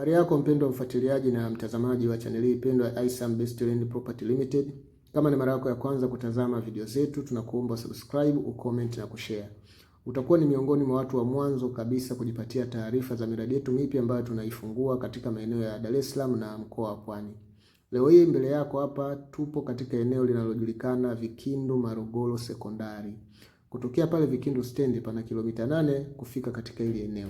Habari yako mpendwa mfuatiliaji na mtazamaji wa chaneli hii pendwa ya Isam Best Land Property Limited. Kama ni mara yako ya kwanza kutazama video zetu, tunakuomba subscribe, ucomment na kushare. Utakuwa ni miongoni mwa watu wa mwanzo kabisa kujipatia taarifa za miradi yetu mipya ambayo tunaifungua katika maeneo ya Dar es Salaam na mkoa wa Pwani. Leo hii mbele yako hapa tupo katika eneo linalojulikana Vikindu Marogoro Sekondari. Kutokea pale Vikindu stendi pana kilomita nane kufika katika hili eneo.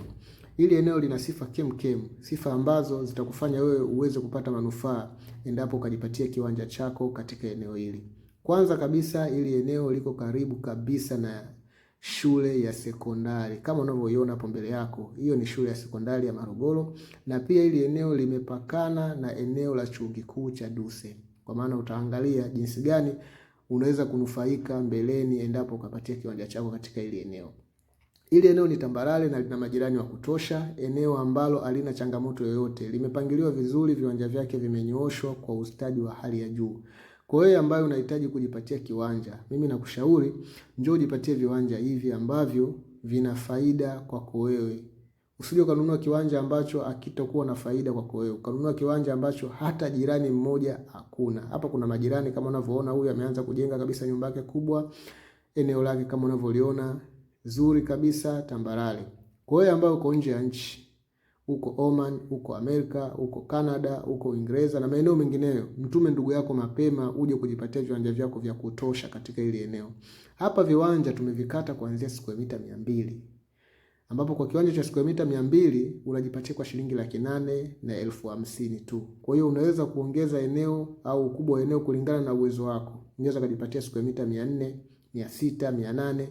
Hili eneo lina sifa kemkem, sifa ambazo zitakufanya wewe uweze kupata manufaa endapo ukajipatia kiwanja chako katika eneo hili. Kwanza kabisa, hili eneo liko karibu kabisa na shule ya sekondari kama unavyoiona hapo mbele yako, hiyo ni shule ya sekondari ya Marogoro, na pia hili eneo limepakana na eneo la chuo kikuu cha Duse. Kwa maana utaangalia jinsi gani unaweza kunufaika mbeleni endapo ukapatia kiwanja chako katika hili eneo. Ili eneo ni tambarare na lina majirani wa kutosha, eneo ambalo halina changamoto yoyote, limepangiliwa vizuri, viwanja vyake vimenyooshwa kwa ustadi wa hali ya juu. Kwa hiyo ambayo unahitaji kujipatia kiwanja, mimi nakushauri njoo ujipatie viwanja hivi ambavyo vina faida kwako wewe. Usije ukanunua kiwanja ambacho hakitakuwa na faida kwako wewe, ukanunua kiwanja ambacho hata jirani mmoja hakuna. Hapa kuna majirani kama unavyoona, huyu ameanza kujenga kabisa nyumba yake kubwa, eneo lake kama unavyoliona zuri kabisa tambarare. Kwa wewe ambaye uko nje ya nchi, uko Oman, uko Amerika, uko Canada, uko Uingereza na maeneo mengineyo, mtume ndugu yako mapema uje kujipatia viwanja vyako vya kutosha katika ile eneo. Hapa viwanja tumevikata kuanzia siku ya mita 200 ambapo kwa kiwanja cha square mita mia mbili unajipatia kwa shilingi laki nane na elfu hamsini tu. Kwa hiyo unaweza kuongeza eneo au ukubwa wa eneo kulingana na uwezo wako. Unaweza kujipatia square mita 400, 600, 800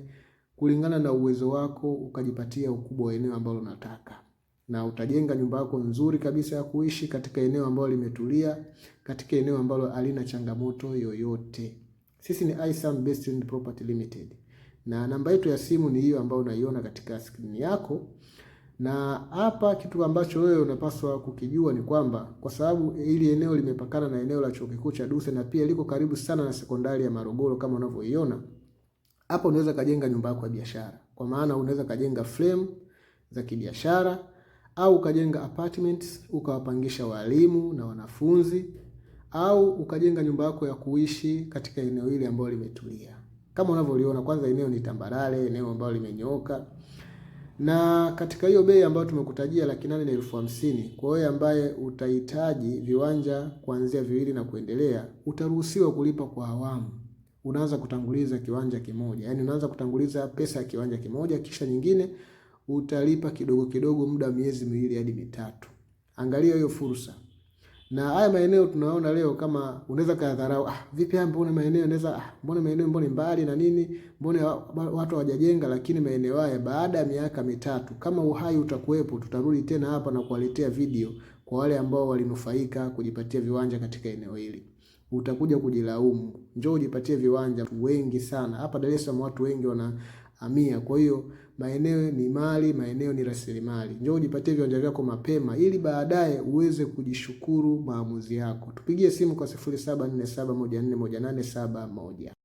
kulingana na uwezo wako, ukajipatia ukubwa wa eneo ambalo unataka, na utajenga nyumba yako nzuri kabisa ya kuishi katika eneo ambalo limetulia, katika eneo ambalo halina changamoto yoyote. Sisi ni Isam Best Land Property Limited na namba yetu ya simu ni hiyo ambayo unaiona katika skrini yako. Na hapa kitu ambacho wewe unapaswa kukijua ni kwamba kwa sababu ili eneo limepakana na eneo la chuo kikuu cha Duse na pia liko karibu sana na sekondari ya Marogoro kama unavyoiona hapa unaweza kajenga nyumba yako ya biashara, kwa maana unaweza kajenga frame za kibiashara au ukajenga apartments ukawapangisha walimu na wanafunzi au ukajenga nyumba yako ya kuishi katika eneo hili ambalo limetulia. Kama unavyoliona, kwanza eneo ni tambarare, eneo ambalo limenyooka, na katika hiyo bei ambayo tumekutajia laki nane na elfu hamsini kwa wewe ambaye utahitaji viwanja kuanzia viwili na kuendelea, utaruhusiwa kulipa kwa awamu unaanza kutanguliza kiwanja kimoja, yani unaanza kutanguliza pesa ya kiwanja kimoja, kisha nyingine utalipa kidogo kidogo, muda miezi miwili hadi mitatu. Angalia hiyo fursa. Na haya maeneo tunaona leo, kama unaweza kadharau, ah, vipi hapa, mbona maeneo unaweza, ah, mbona maeneo mbona mbali na nini, mbona watu hawajajenga? Lakini maeneo haya baada ya miaka mitatu, kama uhai utakuwepo, tutarudi tena hapa na kuwaletea video kwa wale ambao walinufaika kujipatia viwanja katika eneo hili. Utakuja kujilaumu. Njoo ujipatie viwanja wengi sana. Hapa Dar es Salaam watu wengi wanahamia. Kwa hiyo maeneo ni mali, maeneo ni rasilimali. Njoo ujipatie viwanja vyako mapema ili baadaye uweze kujishukuru maamuzi yako. Tupigie simu kwa 0747141871.